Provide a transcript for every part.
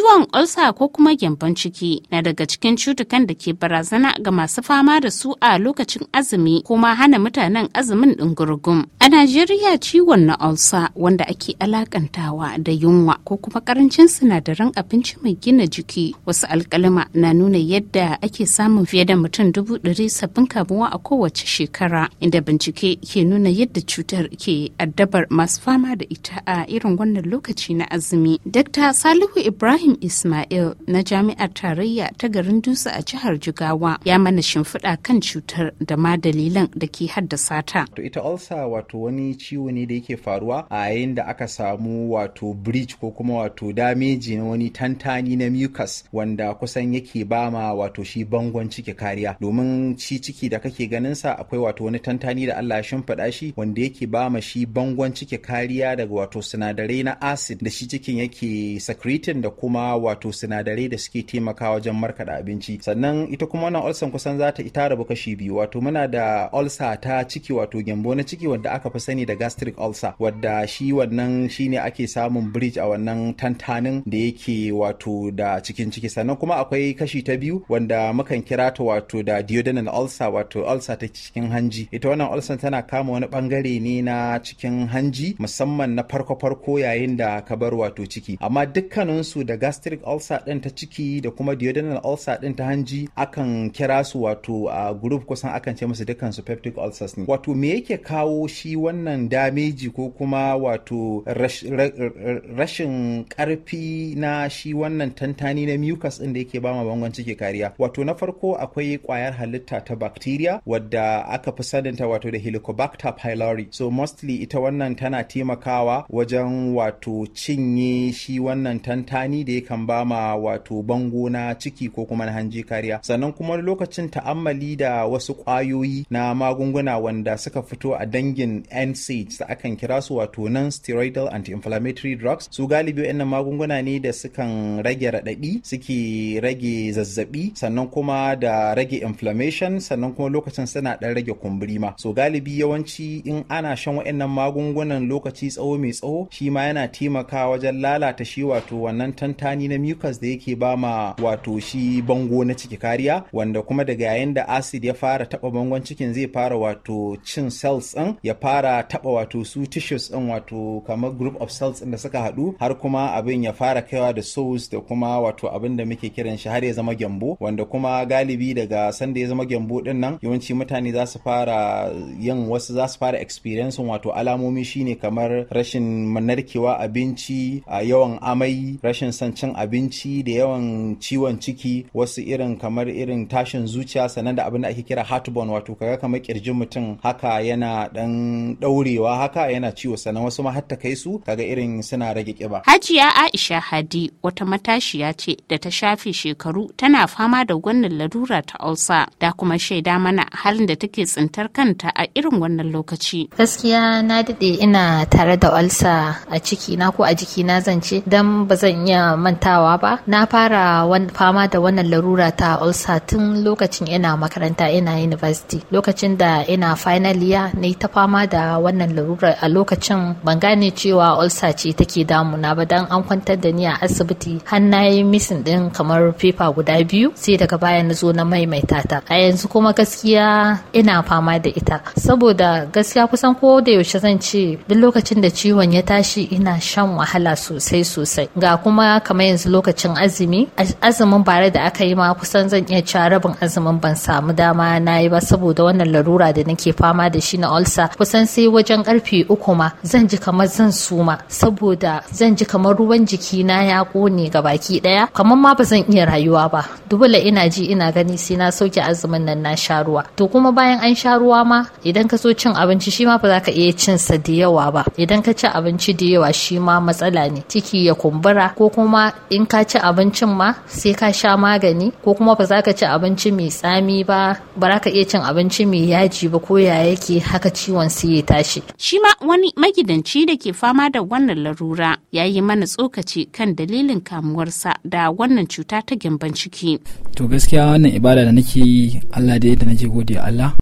Ciwon ulsa ko kuma gyambon ciki na daga cikin cutukan da ke barazana ga masu fama da su a lokacin azumi kuma hana mutanen azumin ɗin gurgum. A Najeriya ciwon na ulsa wanda ake alakantawa da yunwa ko kuma karancin sinadaran abinci mai gina jiki wasu alkalima na nuna yadda ake samun fiye da mutum dubu ɗari sabbin kamuwa a kowace shekara inda bincike ke nuna yadda cutar ke addabar masu fama da ita a irin wannan lokaci na azumi. Dr. Salihu Ibrahim Ibrahim Ismail na Jami'ar Tarayya ta garin Dutse a jihar Jigawa ya mana shimfiɗa kan cutar da ma dalilan da ke haddasa ta. To ita ulcer wato wani ciwo ne da yake faruwa a yayin da aka samu wato breach ko kuma wato damage na wani tantani na mucus wanda kusan yake ba ma wato shi bangon ciki kariya domin shi ciki da kake ganin sa akwai wato wani tantani da Allah ya shimfiɗa shi wanda yake ba ma shi bangon ciki kariya daga wato sinadarai na acid da shi cikin yake secretin da kuma kuma wato sinadarai da suke taimakawa wajen markaɗa abinci sannan ita kuma wannan olsan kusan za ta ita rabu kashi biyu wato muna da olsa ta ciki wato gyambo na ciki wadda aka fi sani da gastric ulcer wadda shi wannan shine ake samun bridge a wannan tantanin da yake wato da cikin ciki sannan kuma akwai kashi ta biyu wanda mukan kira ta wato da duodenal ulcer wato ulcer ta cikin hanji ita wannan ulcer tana kama wani bangare ne na cikin hanji musamman na farko farko yayin da ka bar wato ciki amma dukkaninsu da gastric ulcer din ta ciki da kuma duodenal ulcer din ta hanji akan kira su wato a group kusan akan ce musu dukkan su peptic ulcers ne wato me yake kawo shi wannan damage ko kuma wato rashin karfi na shi wannan tantani na mucus din da yake ba ma bangon ciki kariya wato na farko akwai kwayar halitta ta bacteria wadda aka fi saninta wato da helicobacter pylori so mostly ita wannan tana taimakawa wajen wato cinye shi wannan tantani da kan ba ma wato bango na ciki ko kuma na hanji kariya sannan kuma lokacin ta'ammali da wasu kwayoyi na magunguna wanda suka fito a dangin NSAIDs da akan kira su wato non steroidal anti-inflammatory drugs su galibi wa'annan magunguna ne da sukan rage raɗaɗi suke rage zazzabi sannan kuma da rage inflammation sannan kuma lokacin suna ɗan rage kumburi ma so galibi yawanci in ana shan wa'annan magungunan lokaci tsawo mai tsawo shi ma yana taimakawa wajen lalata shi wato wannan tanta tsakani na mucus da yake ba ma wato shi bango na ciki kariya wanda kuma daga yayin da acid ya fara taba bangon cikin zai fara wato cin cells din ya fara taba wato su tissues din wato kamar group of cells din da suka hadu har kuma abin ya fara kaiwa da souls da kuma wato abin da muke kiran shi har ya zama gyambo wanda kuma galibi daga sanda ya zama gyambo din nan yawanci mutane za su fara yin wasu za su fara experience wato alamomi shine kamar rashin narkewa abinci a yawan amai rashin son cin abinci da yawan ciwon ciki wasu irin kamar irin tashin zuciya sannan da abin da ake kira heartburn wato kaga kamar kirjin mutum haka yana dan daurewa haka yana ciwo sannan wasu ma hatta kai su kaga irin suna rage kiba. Hajiya Aisha Hadi wata matashiya ce da ta shafe shekaru tana fama da wannan larura ta ulsa da kuma shaida mana halin da take tsintar kanta a irin wannan lokaci. Gaskiya na daɗe ina tare da ulsa a ciki na ko a jiki na zance dan ba zan iya mantawa ba na fara fama da wannan larura ta ulcer tun lokacin ina makaranta ina university lokacin da ina final year na ta fama da wannan larura a lokacin ban gane cewa ulcer ce take damuna ba dan an kwantar da ni a asibiti har na yi misin din kamar fefa guda biyu sai daga baya na zo na maimaita ta a yanzu kuma gaskiya ina fama da ita saboda gaskiya kusan ko da yaushe zan ce duk lokacin da ciwon ya tashi ina shan wahala sosai sosai ga kuma kamar kamar yanzu lokacin azumi azumin bare da aka yi ma kusan zan iya cewa rabin azumin ban samu dama na yi ba saboda wannan larura da nake fama da shi na ulcer kusan sai wajen karfe uku ma zan ji kamar zan suma saboda zan ji kamar ruwan jiki na ya kone ga baki daya kamar ma ba zan iya rayuwa ba dole ina ji ina gani sai na sauke azumin nan na sha ruwa to kuma bayan an sha ruwa ma idan ka so cin abinci shi ma ba za ka iya cin sa da yawa ba idan ka ci abinci da yawa shi ma matsala ne ciki ya kumbura ko kuma kuma in ka ci abincin ma sai ka sha magani ko kuma ba za ka ci abinci mai tsami ba ba za ka iya cin abinci mai yaji ba ko ya yake haka ciwon sai ya tashi shi ma wani magidanci da ke fama da wannan larura ya yi mana tsokaci kan dalilin kamuwarsa da wannan cuta ta gyamban ciki to gaskiya wannan ibada da nake yi Allah da yadda nake gode Allah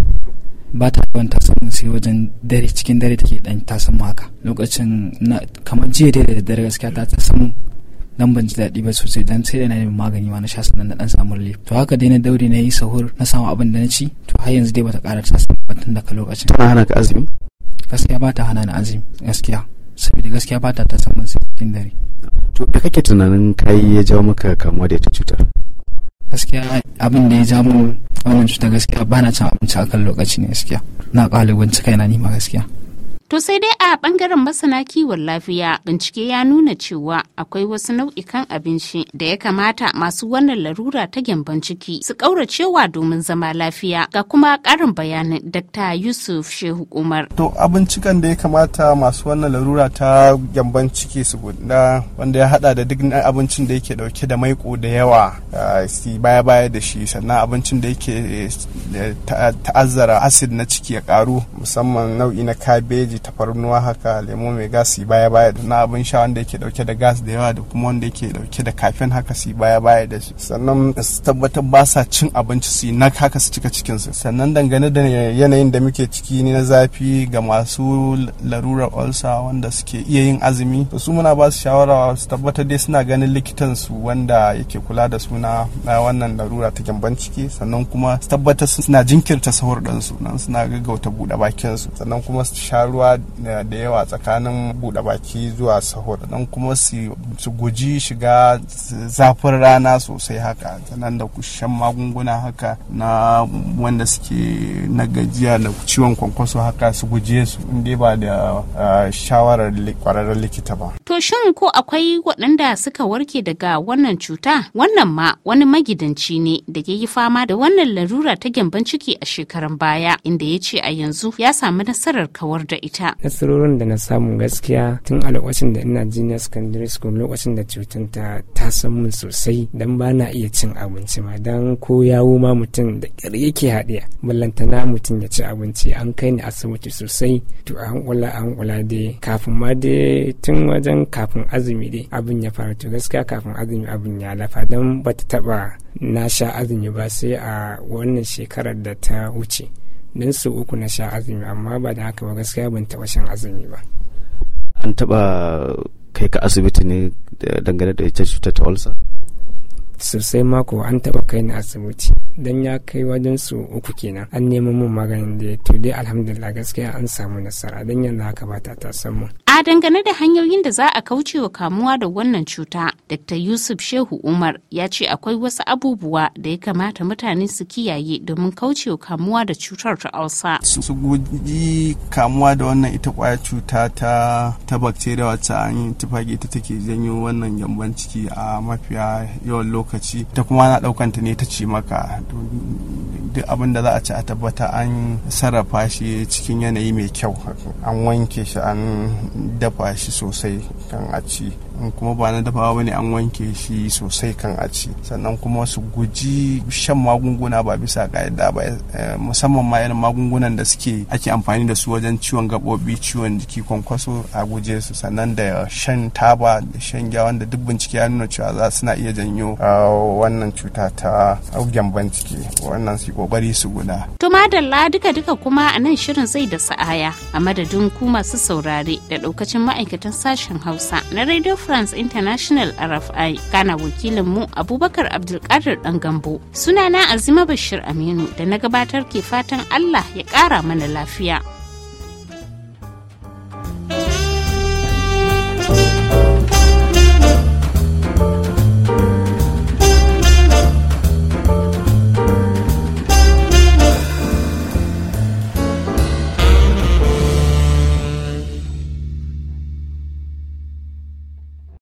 ba ta yawan tasan sai wajen dare cikin dare take dan tasan haka lokacin kamar jiya da dare gaskiya ta tasan dan ban ji daɗi ba sosai dan sai da na nemi magani ma na sha sannan na dan samu relief to haka dai na daure na yi sahur na samu abin da na ci to har yanzu dai bata ƙara tasa ba tun daga lokacin tana hana ka azumi gaskiya ba ta hana ni azumi gaskiya saboda gaskiya ba ta tasa min cikin dare to da kake tunanin kai ya jawo maka kamuwa da ita cutar gaskiya abin da ya ja mu wannan cuta gaskiya ba na cin abinci a kan lokaci ne gaskiya na ƙalubance kaina ni ma gaskiya To sai dai a bangaren masana kiwon lafiya bincike ya nuna cewa akwai wasu nau'ikan abinci da ya kamata masu wannan larura ta gyambon ciki su cewa domin zama lafiya ga kuma karin bayanin Dr. Yusuf Shehu Umar. To abincikan da ya kamata masu wannan larura ta gyamban ciki su guda wanda ya hada da duk abincin da yake dauke da maiko da yawa si baya baya da shi sannan abincin da yake eh, ta'azzara acid na ciki ya karu musamman nau'i na kabeji tafarnuwa haka lemo mai gas si baya baya da na abin sha wanda yake dauke da gas da yawa da kuma wanda yake dauke da kafin haka si baya baya da shi sannan su tabbatar ba sa cin abinci su na haka su cika cikin su sannan dangane da yanayin da muke ciki na zafi ga masu larurar ulcer wanda suke iya yin azumi to su muna ba su shawara su tabbatar dai suna ganin likitan su wanda yake kula da suna wannan larura ta gyamban ciki sannan kuma su tabbatar suna jinkirta sahur ɗansu nan suna gaggauta buɗe bakin su sannan kuma su sha ruwa rabuwa da yawa tsakanin buɗe baki zuwa sahur don kuma su guji shiga zafin rana sosai haka sannan da shan magunguna haka na wanda suke na gajiya da ciwon kwankwaso haka su guje su inda ba da shawarar kwararren likita ba. To shin ko akwai waɗanda suka warke daga wannan cuta? Wannan ma wani magidanci ne da ya yi fama da wannan larura ta gyamban ciki a shekarun baya inda ya ce a yanzu ya samu nasarar kawar da ita. ta. Nasarorin da na samu gaskiya tun a lokacin da ina junior secondary school lokacin da cutan ta ta san mun sosai dan ba na iya cin abinci ma dan ko yawo ma mutum da ƙyar yake haɗiya ballantana mutum ya ci abinci an kai ni asibiti sosai to a hankula a hankula dai kafin ma dai tun wajen kafin azumi dai abin ya faru to gaskiya kafin azumi abin ya lafa dan bata taba na sha azumi ba sai a wannan shekarar da ta wuce don su uku na sha azumi amma ba da haka ba gaskiya ban taɓa shan azumi ba an taɓa kai ka asibiti ne dangane da ita cutar ta olsa sosai mako an taɓa kai ni asibiti dan ya kai wajen su uku kenan an nemo mun maganin da to dai alhamdulillah gaskiya an samu nasara dan yanzu haka ba ta ta mu a dangane da hanyoyin da za a kauce wa kamuwa da wannan cuta dr yusuf shehu umar ya ce akwai wasu abubuwa da ya kamata mutane su kiyaye domin kaucewa kamuwa da cutar ta alsa su guji kamuwa da wannan ita kwaya cuta ta ta bacteria wacce an yi ta take janyo wannan gyambon ciki a mafiya yawan lokaci ta kuma ana daukanta ne ta cimaka. maka to duk abin da za a ci a tabbata an sarrafa shi cikin yanayi mai kyau an wanke shi an dafa shi sosai kan a ci kuma ba na dafawa ne an wanke shi sosai kan a ci sannan kuma su guji shan magunguna ba bisa ka'ida ba eh, musamman ma irin magungunan da suke ake amfani da su wajen ciwon gabobi ciwon jiki kwankwaso a guje su sannan da shan taba da shan giya wanda duk bincike ya nuna cewa za suna iya janyo ah, wannan cuta ta gyamban ciki wannan su kokari su guda. to madalla duka duka kuma a nan shirin zai da sa'aya a madadin ku masu saurare da ɗaukacin ma'aikatan sashen hausa na radio conference international rfi kana wakilinmu abubakar abdulkadir dan gambo sunana azima bashir aminu da na gabatar ke fatan allah ya kara mana lafiya.